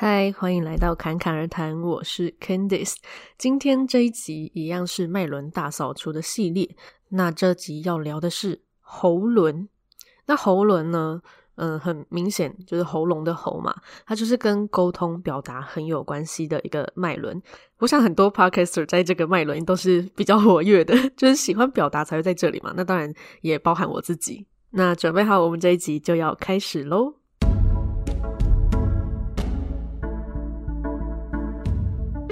嗨，Hi, 歡迎來到侃侃而談，我是 Candice。今天這一集一樣是脈輪大掃除的系列。那這集要聊的是喉輪。那喉輪呢？嗯，很明顯就是喉嚨的喉嘛，它就是跟溝通表達很有關係的一個脈輪。我想很多 podcaster 在這個脈輪都是比較活躍的，就是喜歡表達才會在這裡嘛。那當然也包含我自己。那準備好，我們這一集就要開始嘍。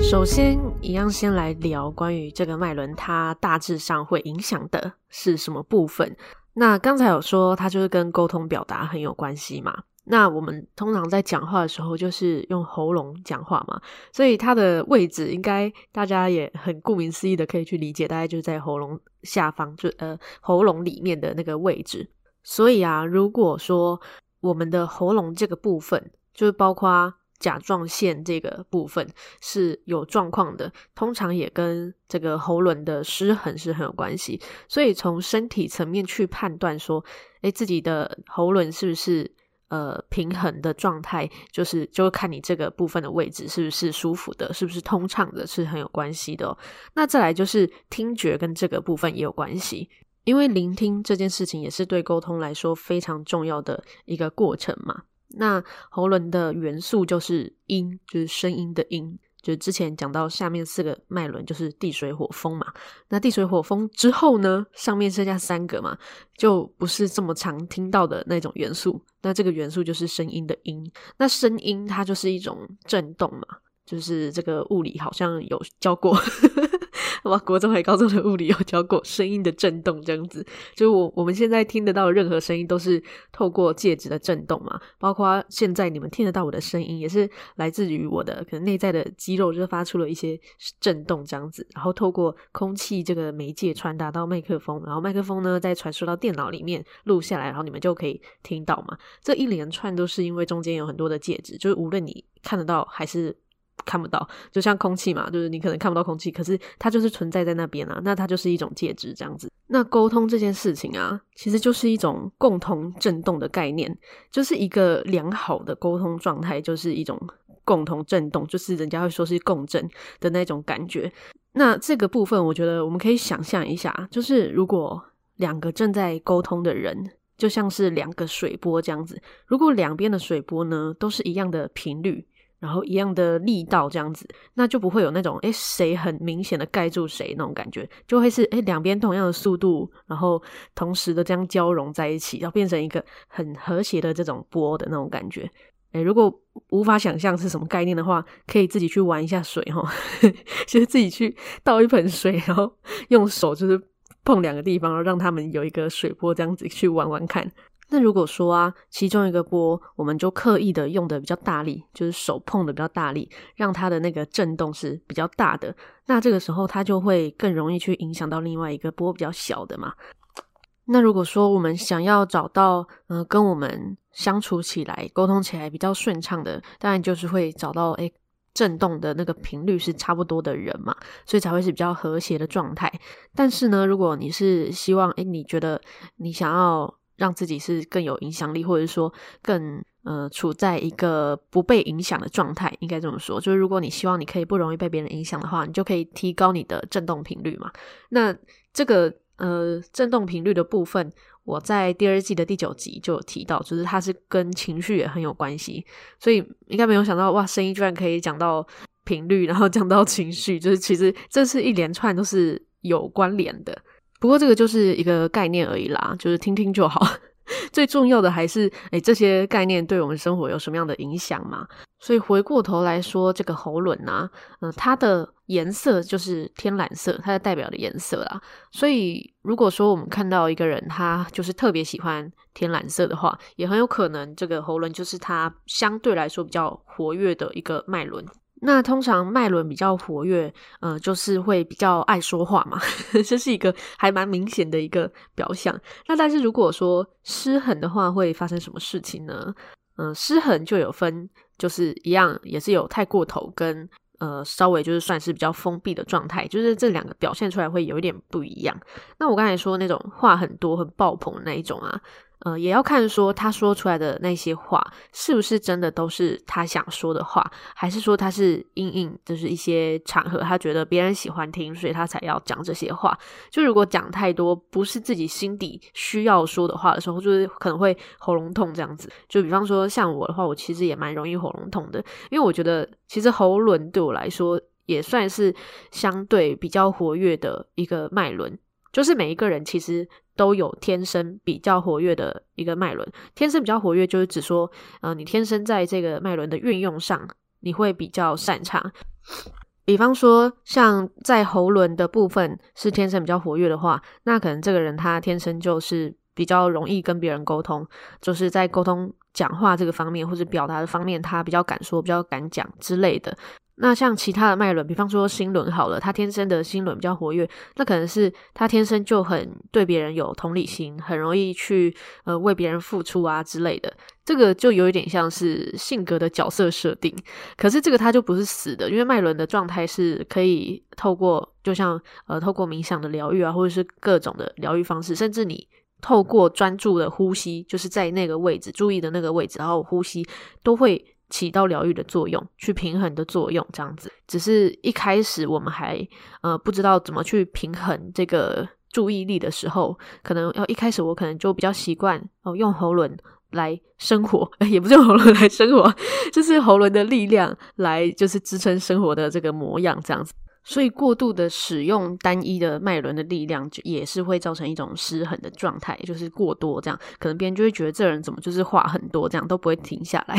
首先，一樣先來聊關於這個脈輪，它大致上會影響的是什麼部分？那剛才有說它就是跟溝通表達很有關係嘛，那我們通常在講話的時候就是用喉嚨講話嘛，所以它的位置應該大家也很顧名思義的可以去理解，大概就在喉嚨下方，就呃喉嚨裡面的那個位置。所以啊，如果說我們的喉嚨這個部分，就是包括甲狀腺這個部分是有狀況的，通常也跟這個喉輪的失衡是很有關係。所以從身體層面去判斷說，誒，自己的喉輪是不是呃平衡的狀態，就是就看你這個部分的位置是不是舒服的，是不是通暢的，是很有關係的哦。那再來就是聽覺跟這個部分也有關係，因為聆聽這件事情也是對溝通來說非常重要的一個過程嘛。那喉輪的元素就是音，就是聲音的音。就之前講到下面四個脈輪就是地水火風嘛。那地水火風之後呢，上面剩下三個嘛，就不是這麼常聽到的那種元素。那這個元素就是聲音的音。那聲音它就是一種震動嘛，就是這個物理好像有教過。 那麼，國中還高中的物理有教過聲音的振動這樣子，就是我我們現在聽得到任何聲音都是透過介質的振動嘛，包括現在你們聽得到我的聲音，也是來自於我的可能內在的肌肉，就發出了一些振動這樣子，然後透過空氣這個媒介傳達到麥克風，然後麥克風呢再傳輸到電腦裡面錄下來，然後你們就可以聽到嘛。這一連串都是因為中間有很多的介質，就是無論你看得到還是。看不到，就像空氣嘛，就是你可能看不到空氣，可是它就是存在在那邊啊，那它就是一種介質這樣子。那溝通這件事情啊，其實就是一種共同振動的概念，就是一個良好的溝通狀態，就是一種共同振動，就是人家會說是共振的那種感覺。那這個部分，我覺得我們可以想象一下，就是如果兩個正在溝通的人，就像是兩個水波這樣子，如果兩邊的水波呢都是一樣的頻率。然後一樣的力道這樣子，那就不會有那種誒誰很明顯的蓋住誰那種感覺，就會是誒兩邊同樣的速度，然後同時的這樣交融在一起，然後變成一個很和諧的這種波的那種感覺。誒如果無法想象是什麼概念的話，可以自己去玩一下水哈，其、就是自己去倒一盆水，然後用手就是碰兩個地方，然後讓他們有一個水波這樣子去玩玩看。那如果說啊，其中一個波，我們就刻意的用的比較大力，就是手碰的比較大力，讓它的那個震動是比較大的，那這個時候它就會更容易去影響到另外一個波比較小的嘛。那如果說我們想要找到，嗯、呃，跟我們相處起來、溝通起來比較順暢的，當然就是會找到誒，震動的那個頻率是差不多的人嘛，所以才會是比較和諧的狀態。但是呢，如果你是希望誒，你覺得你想要。讓自己是更有影響力，或者說更呃處在一個不被影響的狀態，應該這麼說。就是如果你希望你可以不容易被別人影響的話，你就可以提高你的振動頻率嘛。那這個呃振動頻率的部分，我在第二季的第九集就有提到，就是它是跟情緒也很有關係。所以應該沒有想到，哇，聲音居然可以講到頻率，然後講到情緒，就是其實這是一連串都是有關聯的。不過這個就是一個概念而已啦，就是聽聽就好。 最重要的還是，誒、欸、這些概念對我們生活有什麼樣的影響嘛？所以回過頭來說，這個喉輪啊，嗯、呃，它的顏色就是天藍色，它的代表的顏色啦。所以如果說我們看到一個人，他就是特別喜歡天藍色的話，也很有可能這個喉輪就是他相對來說比較活躍的一個脈輪。那通常脈輪比較活躍，嗯、呃，就是會比較愛說話嘛，這、就是一個還蠻明顯的一個表象。那但是如果說失衡的話，會發生什麼事情呢？嗯、呃，失衡就有分，就是一樣也是有太過頭跟呃稍微就是算是比較封閉的狀態，就是這兩個表現出來會有一點不一樣。那我剛才說那種話很多、很爆棚那一種啊。呃，也要看說他說出來的那些話是不是真的都是他想說的話，還是說他是因應，就是一些場合他覺得別人喜歡聽，所以他才要講這些話。就如果講太多，不是自己心底需要說的話的時候，就是可能會喉嚨痛這樣子。就比方說像我的話，我其實也蠻容易喉嚨痛的，因為我覺得其實喉嚨對我來說也算是相對比較活躍的一個脈輪，就是每一個人其實。都有天生比較活躍的一個脈輪，天生比較活躍就是指說，呃，你天生在這個脈輪的運用上，你會比較擅長。比方說，像在喉輪的部分是天生比較活躍的話，那可能這個人他天生就是比較容易跟別人溝通，就是在溝通講話這個方面或者表達的方面，他比較敢說、比較敢講之類的。那像其他的脈輪，比方說心輪好了，他天生的心輪比較活躍，那可能是他天生就很對別人有同理心，很容易去呃為別人付出啊之類的。這個就有一點像是性格的角色設定，可是這個他就不是死的，因為脈輪的狀態是可以透過，就像呃透過冥想的療癒啊，或者是各種的療癒方式，甚至你透過專注的呼吸，就是在那個位置，注意的那個位置，然後呼吸都會。起到療癒的作用，去平衡的作用，這樣子。只是一開始我們還呃不知道怎麼去平衡這個注意力的時候，可能要一開始我可能就比較習慣哦用喉輪來生活，欸，也不是用喉輪來生活，就是喉輪的力量來就是支撐生活的這個模樣，這樣子。所以過度的使用單一的脈輪的力量，就也是會造成一種失衡的狀態，就是過多這樣，可能別人就會覺得這人怎麼就是話很多，這樣都不會停下來，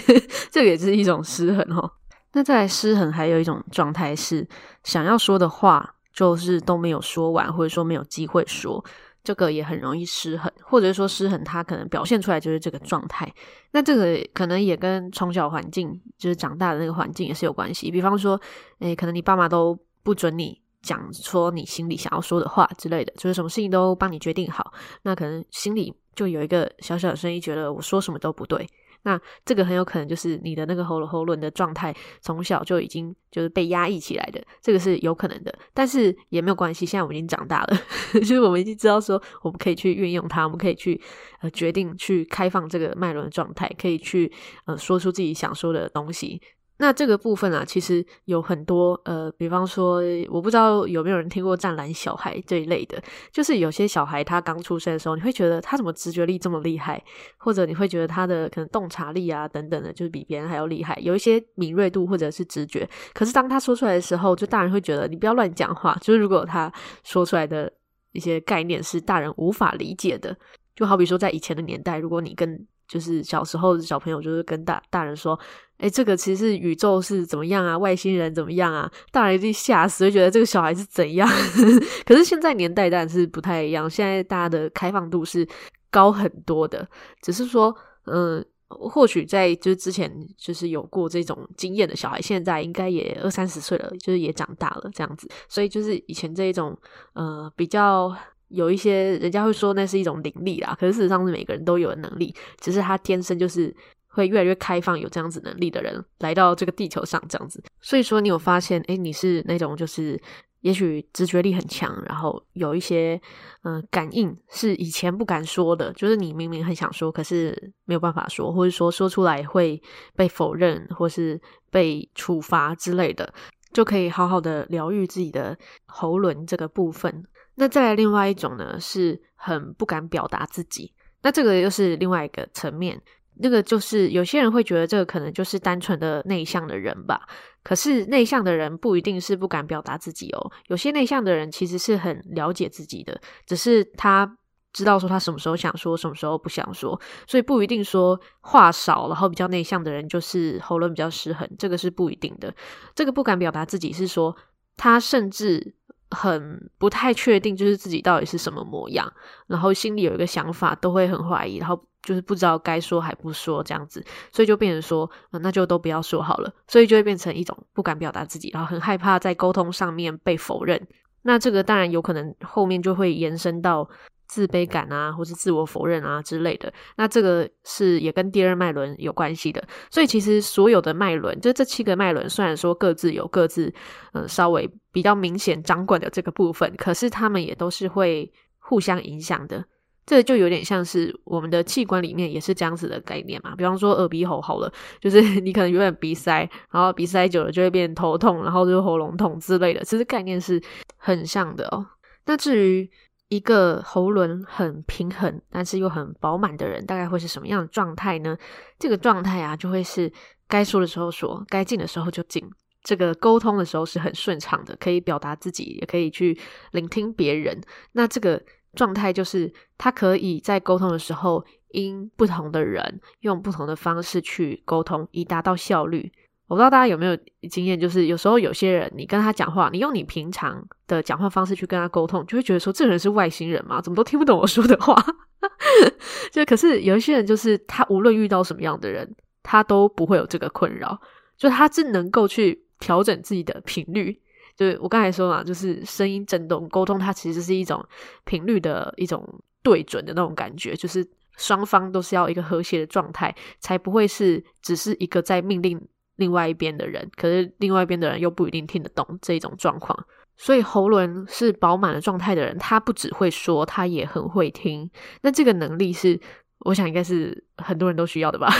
這也是一種失衡哦、喔。那再來失衡還有一種狀態是，想要說的話就是都沒有說完，或者說沒有機會說。這個也很容易失衡，或者是說失衡，它可能表現出來就是這個狀態。那這個可能也跟從小環境，就是長大的那個環境也是有關係。比方說，誒可能你爸媽都不准你講說你心裡想要說的話之類的，就是什麼事情都幫你決定好。那可能心裡就有一個小小的聲音，覺得我說什麼都不對。那這個很有可能就是你的那個喉嚨喉輪的狀態，從小就已經就是被壓抑起來的，這個是有可能的。但是也沒有關係，現在我們已經長大了， 就是我們已經知道說我們可以去運用它，我們可以去呃決定去開放這個脈輪的狀態，可以去呃說出自己想說的東西。那這個部分啊，其實有很多，呃，比方說，我不知道有沒有人聽過“湛藍小孩”這一類的，就是有些小孩他剛出生的時候，你會覺得他怎麼直覺力這麼厲害，或者你會覺得他的可能洞察力啊等等的，就是比別人還要厲害，有一些敏銳度或者是直覺。可是當他說出來的時候，就大人會覺得你不要亂講話。就是如果他說出來的一些概念是大人無法理解的，就好比說在以前的年代，如果你跟就是小時候的小朋友就是跟大大人說，哎、欸，這個其實宇宙是怎麼樣啊，外星人怎麼樣啊？大人一定嚇死，就覺得這個小孩是怎樣？ 可是現在年代當然是不太一樣，現在大家的開放度是高很多的，只是說，嗯、呃，或許在就是之前就是有過這種經驗的小孩，現在應該也二三十歲了，就是也長大了這樣子，所以就是以前這一種，嗯、呃、比較。有一些人家會說那是一種靈力啦，可是事實上是每個人都有的能力，只是他天生就是會越來越開放，有這樣子能力的人來到這個地球上這樣子。所以說你有發現，誒，你是那種就是也許直覺力很強，然後有一些嗯、呃、感應是以前不敢說的，就是你明明很想說，可是沒有辦法說，或者說說出來會被否認或是被處罰之類的，就可以好好的療癒自己的喉輪這個部分。那再來另外一種呢，是很不敢表達自己。那這個又是另外一個層面。那個就是有些人會覺得這個可能就是單純的內向的人吧。可是內向的人不一定是不敢表達自己哦。有些內向的人其實是很了解自己的，只是他知道說他什麼時候想說，什麼時候不想說。所以不一定說話少，然後比較內向的人就是喉輪比較失衡，這個是不一定的。這個不敢表達自己是說他甚至。很不太確定，就是自己到底是什麼模樣，然後心裡有一個想法，都會很懷疑，然後就是不知道該說還不說這樣子，所以就變成說，嗯，那就都不要說好了，所以就會變成一種不敢表達自己，然後很害怕在溝通上面被否認。那這個當然有可能後面就會延伸到。自卑感啊，或是自我否認啊之類的，那這個是也跟第二脈輪有關係的。所以其實所有的脈輪，就這七個脈輪，雖然說各自有各自，嗯，稍微比較明顯掌管的這個部分，可是他們也都是會互相影響的。這就有點像是我們的器官裡面也是這樣子的概念嘛。比方說耳鼻喉好了，就是你可能有點鼻塞，然後鼻塞久了就會變頭痛，然後就喉嚨痛之類的。其實概念是很像的哦。那至於，一個喉輪，很平衡，但是又很飽滿的人，大概會是什麼樣的狀態呢？這個狀態啊，就會是該說的時候說，該進的時候就進。這個溝通的時候是很順暢的，可以表達自己，也可以去聆聽別人。那這個狀態就是，他可以在溝通的時候，因不同的人，用不同的方式去溝通，以達到效率。我不知道大家有沒有經驗，就是有時候有些人，你跟他講話，你用你平常的講話方式去跟他溝通，就會覺得說，這個人是外星人嘛，怎麼都聽不懂我說的話。 就可是有一些人，就是他無論遇到什麼樣的人，他都不會有這個困擾，就他只能夠去調整自己的頻率。就我剛才說嘛，就是聲音震動溝通，它其實是一種頻率的一種對準的那種感覺，就是雙方都是要一個和諧的狀態，才不會是只是一個在命令另外一邊的人，可是另外一邊的人又不一定聽得懂這一種狀況，所以喉輪是飽滿的狀態的人，他不只會說，他也很會聽。那這個能力是，我想應該是很多人都需要的吧。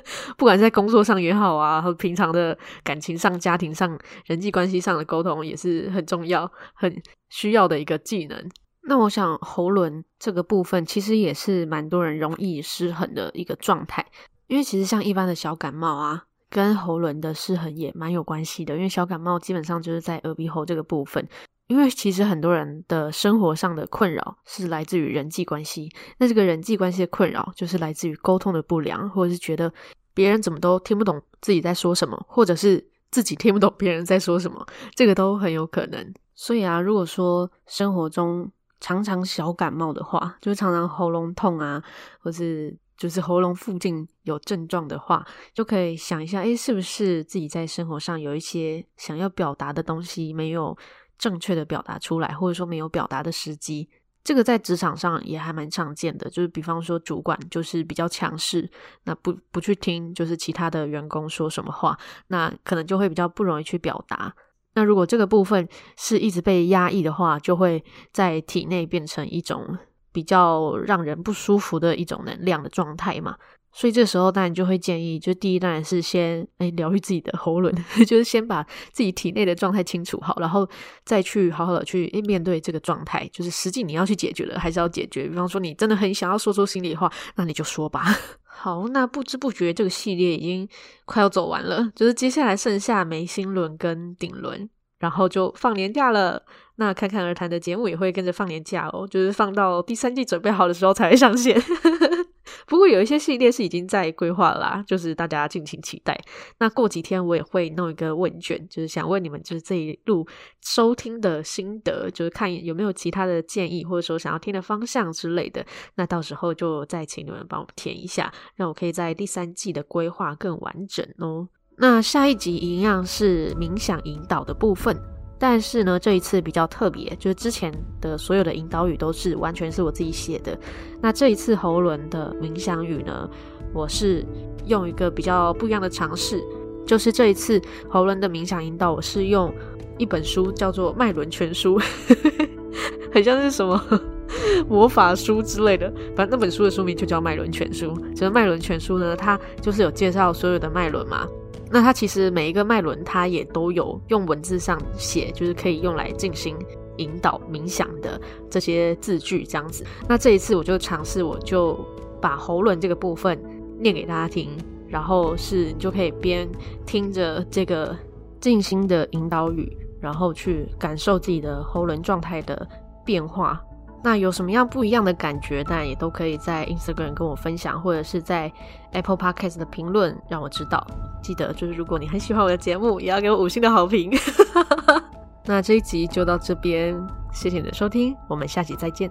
不管在工作上也好啊，和平常的感情上、家庭上、人際關係上的溝通也是很重要、很需要的一個技能。那我想喉輪這個部分其實也是蠻多人容易失衡的一個狀態，因為其實像一般的小感冒啊。跟喉輪的失衡也蠻有關係的，因為小感冒基本上就是在耳鼻喉這個部分，因為其實很多人的生活上的困擾是來自於人際關係，那這個人際關係的困擾就是來自於溝通的不良，或者是覺得別人怎麼都聽不懂自己在說什麼，或者是自己聽不懂別人在說什麼，這個都很有可能。所以啊，如果說生活中常常小感冒的話，就是常常喉嚨痛啊，或是就是喉嚨附近，有症狀的話，就可以想一下，哎，是不是自己在生活上有一些想要表達的東西沒有正確的表達出來，或者說沒有表達的時機？這個在職場上也還蠻常見的，就是比方說主管就是比較強勢，那不不去聽就是其他的員工說什麼話，那可能就會比較不容易去表達。那如果這個部分是一直被壓抑的話，就會在體內變成一種比較讓人不舒服的一種能量的狀態嘛。所以這時候，當然就會建議，就第一當然是先誒療癒自己的喉輪，就是先把自己體內的狀態清除好，然後再去好好的去、欸、面對這個狀態。就是實際你要去解決的，還是要解決。比方說你真的很想要說出心裡話，那你就說吧。好，那不知不覺這個系列已經快要走完了，就是接下來剩下眉心輪跟頂輪，然後就放年假了。那坎坎而談的節目也會跟着放年假哦，就是放到第三季準備好的時候才會上線。 不過有一些系列是已經在規劃啦、啊，就是大家敬請期待。那過幾天我也會弄一個問卷，就是想問你們就是這一路收聽的心得，就是看有沒有其他的建議，或者說想要聽的方向之類的。那到時候就再請你們幫我填一下，讓我可以在第三季的規劃更完整哦。那下一集一樣是冥想引導的部分。但是呢，這一次比較特別，就是之前的所有的引導語都是完全是我自己寫的。那這一次喉輪的冥想語呢，我是用一個比較不一樣的嘗試，就是這一次喉輪的冥想引導，我是用一本書叫做《脈輪全書，》 很像是什麼魔法書之類的。反正那本書的書名就叫《脈輪全書》。其實《脈輪全書》呢，它就是有介紹所有的脈輪嘛。那它其實每一個脈輪，它也都有用文字上寫，就是可以用來進行引導冥想的這些字句這樣子。那這一次我就嘗試，我就把喉輪這個部分念給大家聽，然後是你就可以邊聽着這個靜心的引導語，然後去感受自己的喉輪狀態的變化。那有什麼樣不一樣的感覺？當然也都可以在 Instagram 跟我分享，或者是在 Apple Podcast 的評論，讓我知道。記得就是如果你很喜歡我的節目，也要給我五星的好評。 那這一集就到這邊，謝謝你的收聽，我們下集再見。